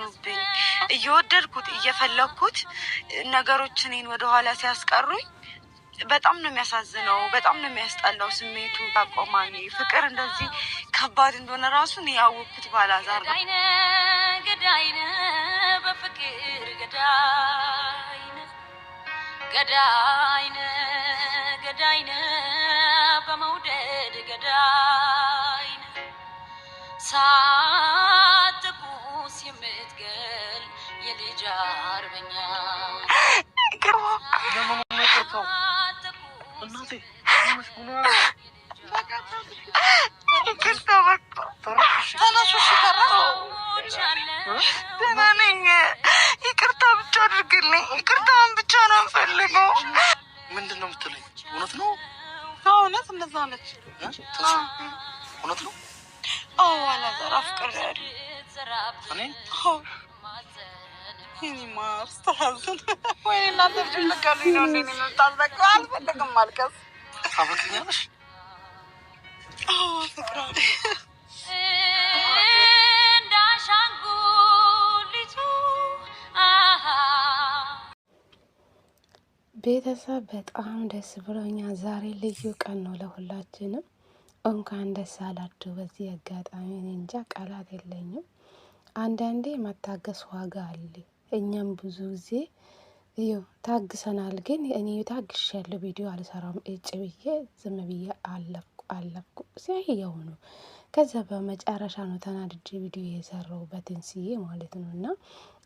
ሆኑብኝ። እየወደድኩት እየፈለግኩት ነገሮችን እኔን ወደኋላ ሲያስቀሩኝ በጣም ነው የሚያሳዝነው። በጣም ነው የሚያስጠላው ስሜቱ። በቆማኔ ፍቅር እንደዚህ ከባድ እንደሆነ ራሱን ያወቅኩት ባላዛር ነው። ገዳይነ በፍቅር ገዳይነ ገዳይነ ገዳይነ በመውደድ ገዳይነ ይቅርታ ብቻ አድርግልኝ። ይቅርታውን ብቻ ነው የምፈልገው። ምንድን ነው የምትለኝ? እውነት ነው እውነት እንደዛ ነች። እውነት ነው አዎ አላዛር አፍቅሬያለሁ እኔ ቤተሰብ በጣም ደስ ብሎኛ። ዛሬ ልዩ ቀን ነው ለሁላችንም። እንኳን ደስ አላችሁ። በዚህ አጋጣሚ እኔ እንጃ ቃላት የለኝም። አንዳንዴ መታገስ ዋጋ አለ። እኛም ብዙ ጊዜ ይኸው ታግሰናል። ግን እኔ ታግሽ ያለው ቪዲዮ አልሰራም እጭ ብዬ ዝም ብዬ አለፍኩ አለፍኩ ሲያይ የሆኑ ከዛ በመጨረሻ ነው ተናድጄ ቪዲዮ የሰራው በትንስዬ ማለት ነው። እና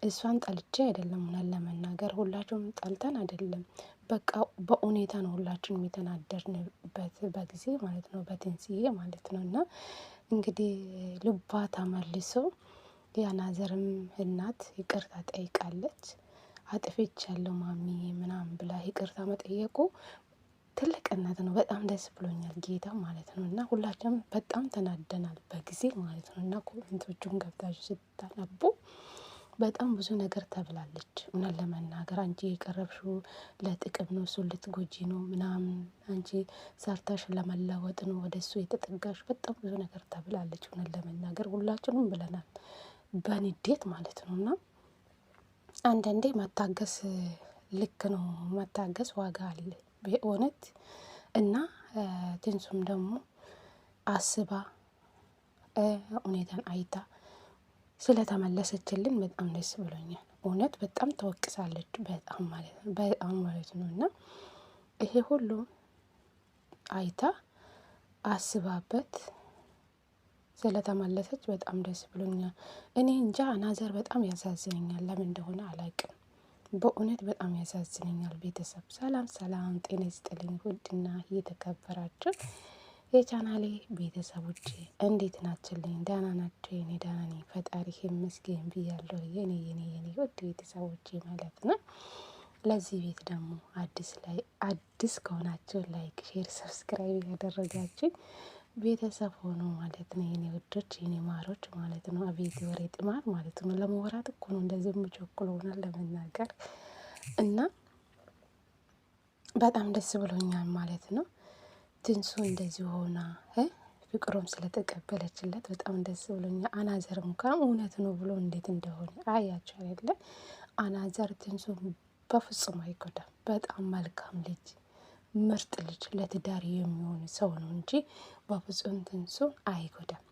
እሷን ጠልቼ አይደለም ሆነን ለመናገር ሁላችሁም ጠልተን አይደለም፣ በቃ በሁኔታ ነው ሁላችንም የተናደርንበት በጊዜ ማለት ነው፣ በትንስዬ ማለት ነው። እና እንግዲህ ልቧ ተመልሶ የአናዘርም እናት ይቅርታ ጠይቃለች። አጥፍቻለሁ ማሚ ምናምን ብላ ይቅርታ መጠየቁ ትልቅነት ነው። በጣም ደስ ብሎኛል ጌታ ማለት ነው። እና ሁላችንም በጣም ተናደናል በጊዜ ማለት ነው። እና ኮሜንቶቹን ገብታችሁ ስታነቡ በጣም ብዙ ነገር ተብላለች። እውነት ለመናገር አንቺ የቀረብሽው ለጥቅም ነው፣ እሱን ልትጎጂ ነው ምናምን፣ አንቺ ሰርተሽ ለመለወጥ ነው ወደ እሱ የተጠጋሽ። በጣም ብዙ ነገር ተብላለች። እውነት ለመናገር ሁላችንም ብለናል። በንዴት ማለት ነው። እና አንዳንዴ መታገስ ልክ ነው፣ መታገስ ዋጋ አለ በእውነት እና ትንሱም ደግሞ አስባ ሁኔታን አይታ ስለተመለሰችልን በጣም ደስ ብሎኛል። እውነት በጣም ተወቅሳለች፣ በጣም ማለት ነው፣ በጣም ማለት ነው። እና ይሄ ሁሉ አይታ አስባበት ስለተመለሰች በጣም ደስ ብሎኛል። እኔ እንጃ ናዘር በጣም ያሳዝነኛል፣ ለምን እንደሆነ አላውቅም። በእውነት በጣም ያሳዝነኛል። ቤተሰብ ሰላም ሰላም፣ ጤና ይስጥልኝ ውድና እየተከበራችሁ የቻናሌ ቤተሰቦች እንዴት ናችልኝ? ደህና ናቸው? የኔ ደህና ነኝ፣ ፈጣሪ ይመስገን ብያለሁ። የኔ የኔ የኔ ውድ ቤተሰቦች ማለት ነው። ለዚህ ቤት ደግሞ አዲስ ላይ አዲስ ከሆናችሁ ላይክ፣ ሼር፣ ሰብስክራይብ ያደረጋችሁ ቤተሰብ ሆኖ ማለት ነው። የኔ ውዶች የኔ ማሮች ማለት ነው። አቤት ወሬ ጥማር ማለት ነው። ለመወራት እኮ ነው እንደዚህ የምቸኩለውና ለመናገር እና በጣም ደስ ብሎኛል ማለት ነው። ትንሱ እንደዚህ ሆና ፍቅሮም ስለተቀበለችለት በጣም ደስ ብሎኛል። አናዘር እንኳን እውነት ነው ብሎ እንዴት እንደሆነ አያቸው አይደለ? አናዘር ትንሱ በፍጹም አይጎዳም። በጣም መልካም ልጅ ምርጥ ልጅ ለትዳር የሚሆን ሰው ነው እንጂ በፍጹም ትንሱ አይጎዳም።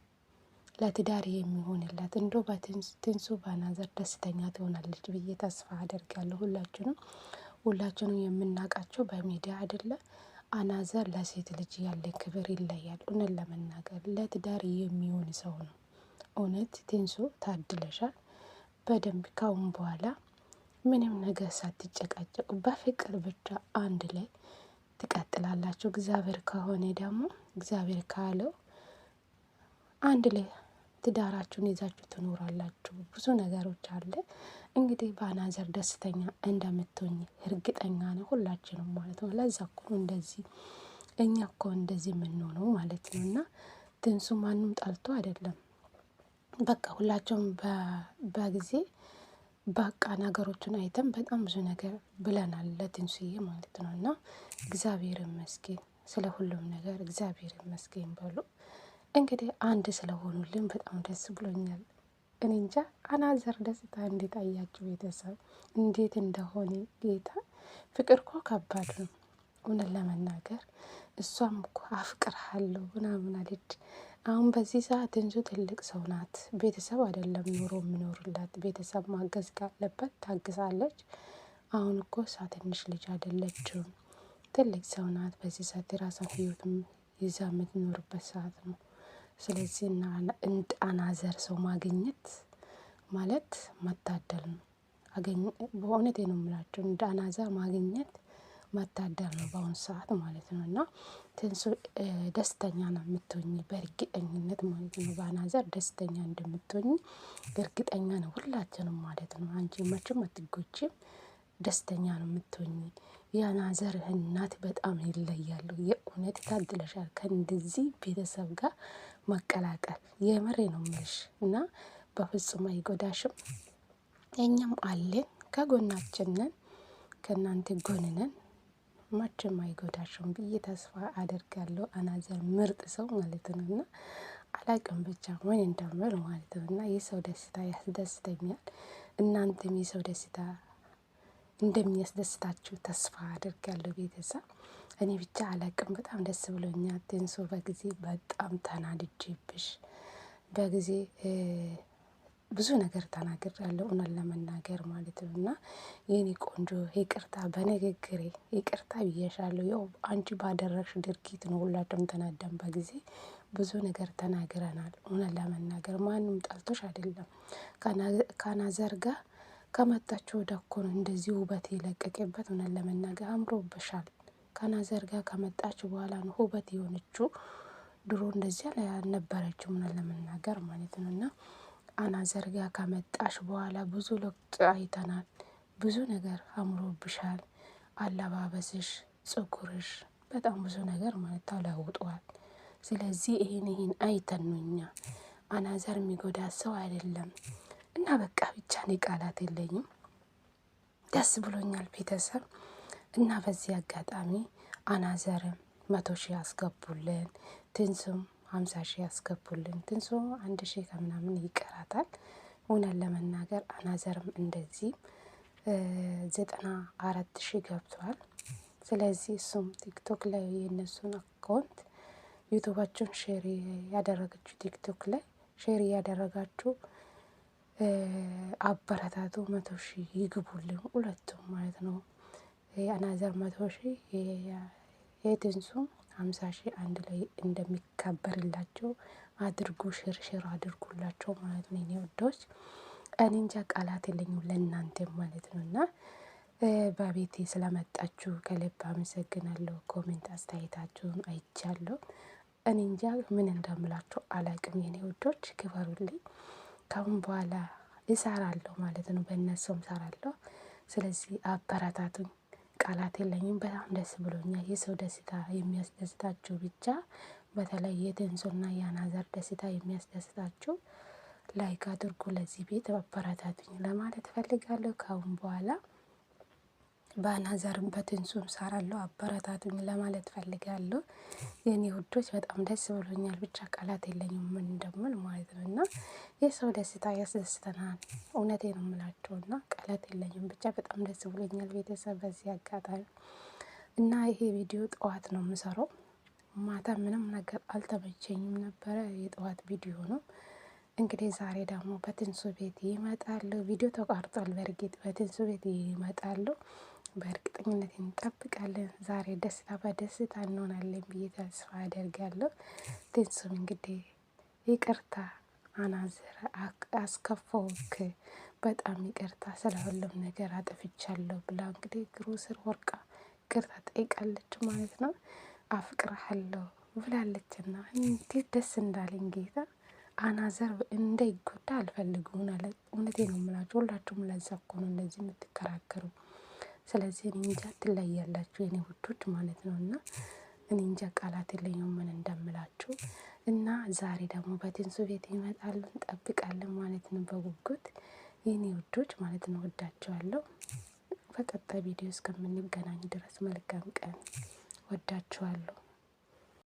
ለትዳር የሚሆንላት እንዶ በትንሱ ባናዘር ደስተኛ ትሆናለች ብዬ ተስፋ አደርጋለሁ። ሁላችንም ሁላችንም የምናውቃቸው በሚዲያ አይደለ። አናዘር ለሴት ልጅ ያለ ክብር ይለያል። እውነት ለመናገር ለትዳር የሚሆን ሰው ነው። እውነት ትንሱ ታድለሻል። በደንብ ካሁን በኋላ ምንም ነገር ሳትጨቃጨቁ በፍቅር ብቻ አንድ ላይ ትቀጥላላችሁ። እግዚአብሔር ከሆነ ደግሞ እግዚአብሔር ካለው አንድ ላይ ትዳራችሁን ይዛችሁ ትኖራላችሁ። ብዙ ነገሮች አለ እንግዲህ በአናዘር ደስተኛ እንደምትሆኝ እርግጠኛ ነው ሁላችንም ማለት ነው። ለዛ እኮ እንደዚህ እኛ እኮ እንደዚህ የምንሆነው ማለት ነው። እና ትንሱ ማንም ጠልቶ አይደለም። በቃ ሁላቸውም በጊዜ በቃ ነገሮችን አይተን በጣም ብዙ ነገር ብለናል ለትንሽዬ ማለት ነው። እና እግዚአብሔር ይመስገን ስለ ሁሉም ነገር እግዚአብሔር ይመስገን በሉ። እንግዲህ አንድ ስለሆኑልን በጣም ደስ ብሎኛል። እኔ እንጃ አናዘር ደስታ እንዴት አያችሁ ቤተሰብ እንዴት እንደሆነ ጌታ ፍቅር እኮ ከባድ ነው። እውነት ለመናገር እሷም እኮ አፍቅርሃለሁ ምናምን አለች። አሁን በዚህ ሰዓት እንሱ ትልቅ ሰው ናት። ቤተሰብ አይደለም ኑሮ የምኖርላት ቤተሰብ ማገዝ ካለበት ታግዛለች። አሁን እኮ እሷ ትንሽ ልጅ አይደለችም፣ ትልቅ ሰው ናት። በዚህ ሰዓት የራሳ ህይወት ይዛ የምትኖርበት ሰዓት ነው። ስለዚህ ዘር ሰው ማግኘት ማለት መታደል ነው። በእውነቴ ነው የምላቸው እንደ ማግኘት መታደር ነው በአሁኑ ሰዓት ማለት ነው። እና ትንሱ ደስተኛ ነው የምትሆኝ በእርግጠኝነት ማለት ነው። በአናዘር ደስተኛ እንደምትሆኝ እርግጠኛ ነው ሁላችንም ማለት ነው። አንቺ መቼም አትጎጂም። ደስተኛ ነው የምትሆኝ የአናዘር እናት በጣም ይለያሉ። የእውነት ታድለሻል ከእንደዚህ ቤተሰብ ጋር መቀላቀል የምሬ ነው የምልሽ እና በፍጹም አይጎዳሽም። እኛም አለን ከጎናችን ነን። ከእናንተ ጎን ነን። መቼም አይጎዳቸውም ብዬ ተስፋ አደርጋለሁ። አናዘር ምርጥ ሰው ማለት ነው እና አላቅም ብቻ ምን እንደምል ማለት ነው እና የሰው ደስታ ያስደስተኛል። እናንተም የሰው ደስታ እንደሚያስደስታችሁ ተስፋ አደርጋለሁ። ቤተሰብ እኔ ብቻ አላቅም በጣም ደስ ብሎኛል። ትንሱ በጊዜ በጣም ተናድጄብሽ በጊዜ ብዙ ነገር ተናግር ያለው እውነት ለመናገር ማለት ነው። እና የኔ ቆንጆ ይቅርታ በንግግሬ ይቅርታ ብዬሻለሁ። ያው አንቺ ባደረግሽ ድርጊት ነው ሁላቸውም ተናደን በጊዜ ብዙ ነገር ተናግረናል። እውነት ለመናገር ማንም ጠልቶሽ አይደለም። ከናዘር ጋር ከመጣችሁ ወደ እኮ ነው እንደዚህ ውበት የለቀቀበት። እውነት ለመናገር አምሮብሻል። ከናዘር ጋር ከመጣችሁ በኋላ ነው ውበት የሆነችው። ድሮ እንደዚያ አልነበረችም። እውነት ለመናገር ማለት ነው እና አናዘር ጋ ከመጣሽ በኋላ ብዙ ለውጥ አይተናል። ብዙ ነገር አምሮብሻል። አለባበስሽ፣ ፀጉርሽ በጣም ብዙ ነገር ማለት ተለውጧል። ስለዚህ ይህን ይህን አይተን ነው አናዘር የሚጎዳ ሰው አይደለም እና በቃ ብቻ እኔ ቃላት የለኝም። ደስ ብሎኛል ቤተሰብ እና በዚህ አጋጣሚ አናዘርም መቶ ሺህ ያስገቡልን ትንሱም ሀምሳ ሺህ ያስገቡልን። ትንሶ አንድ ሺህ ከምናምን ይቀራታል። እውነን ለመናገር አናዘርም እንደዚህ ዘጠና አራት ሺህ ገብቷል። ስለዚህ እሱም ቲክቶክ ላይ የእነሱን አካውንት ዩቱባችሁን ሼር ያደረገችው ቲክቶክ ላይ ሼር እያደረጋችሁ አበረታቱ። መቶ ሺህ ይግቡልን ሁለቱም ማለት ነው። የአናዘር መቶ ሺህ የትንሱም ሀምሳ ሺህ አንድ ላይ እንደሚከበርላቸው አድርጉ ሽርሽር አድርጉላቸው ማለት ነው። የኔ ውዶች እኔ እንጃ ቃላት የለኝም ለእናንተ ማለት ነው። እና በቤቴ ስለመጣችሁ ከልብ አመሰግናለሁ። ኮሜንት አስተያየታችሁን አይቻለሁ። እኔ እንጃ ምን እንደምላችሁ አላቅም። የኔ ውዶች ክበሩልኝ። ካሁን በኋላ እሰራለሁ ማለት ነው። በእነሱም እሰራለሁ። ስለዚህ አበረታቱኝ። ቃላት የለኝም። በጣም ደስ ብሎኛል። የሰው ደስታ የሚያስደስታችሁ ብቻ በተለይ የትንሱና የአናዘር ደስታ የሚያስደስታችሁ ላይክ አድርጉ። ለዚህ ቤት አበረታቱኝ ለማለት እፈልጋለሁ። ካሁን በኋላ በአናዘርም በትንሱም ሰራለሁ አበረታቱኝ ለማለት ፈልጋለሁ። የእኔ ውዶች በጣም ደስ ብሎኛል። ብቻ ቃላት የለኝም ምን እንደምል ማለት ነው። እና የሰው ደስታ ያስደስተናል። እውነቴ ነው የምላቸው እና ቃላት የለኝም። ብቻ በጣም ደስ ብሎኛል ቤተሰብ በዚህ አጋጣሚ እና ይሄ ቪዲዮ ጠዋት ነው የምሰራው። ማታ ምንም ነገር አልተመቸኝም ነበረ። የጠዋት ቪዲዮ ነው እንግዲህ። ዛሬ ደግሞ በትንሱ ቤት ይመጣሉ። ቪዲዮ ተቋርጧል። በእርግጥ በትንሱ ቤት ይመጣሉ። በእርግጠኝነት እንጠብቃለን። ዛሬ ደስታ በደስታ እንሆናለን ብዬ ተስፋ አደርጋለሁ። ትንሱም እንግዲህ ይቅርታ አናዝር አስከፋውክ፣ በጣም ይቅርታ ስለ ሁሉም ነገር አጥፍቻለሁ ብላ እንግዲህ እግሩ ስር ወርቃ ይቅርታ ጠይቃለች ማለት ነው። አፍቅርሃለሁ ብላለችና እንዴት ደስ እንዳለኝ ጌታ አናዘር እንዳይጎዳ አልፈልግም አለ። እውነቴ ነው የምላችሁ። ሁላችሁም ለዛ እኮ ነው እንደዚህ የምትከራከሩ። ስለዚህ እኔ እንጃ ትለያላችሁ የኔ ውዶች ማለት ነው እና እኔ እንጃ ቃላት የለኝም ምን እንደምላችሁ እና ዛሬ ደግሞ በትንሱ ቤት ይመጣሉ እንጠብቃለን ማለት ነው በጉጉት የኔ ውዶች ማለት ነው። ወዳችኋለሁ። በቀጣይ ቪዲዮ እስከምንገናኝ ድረስ መልካም ቀን። ወዳችኋለሁ።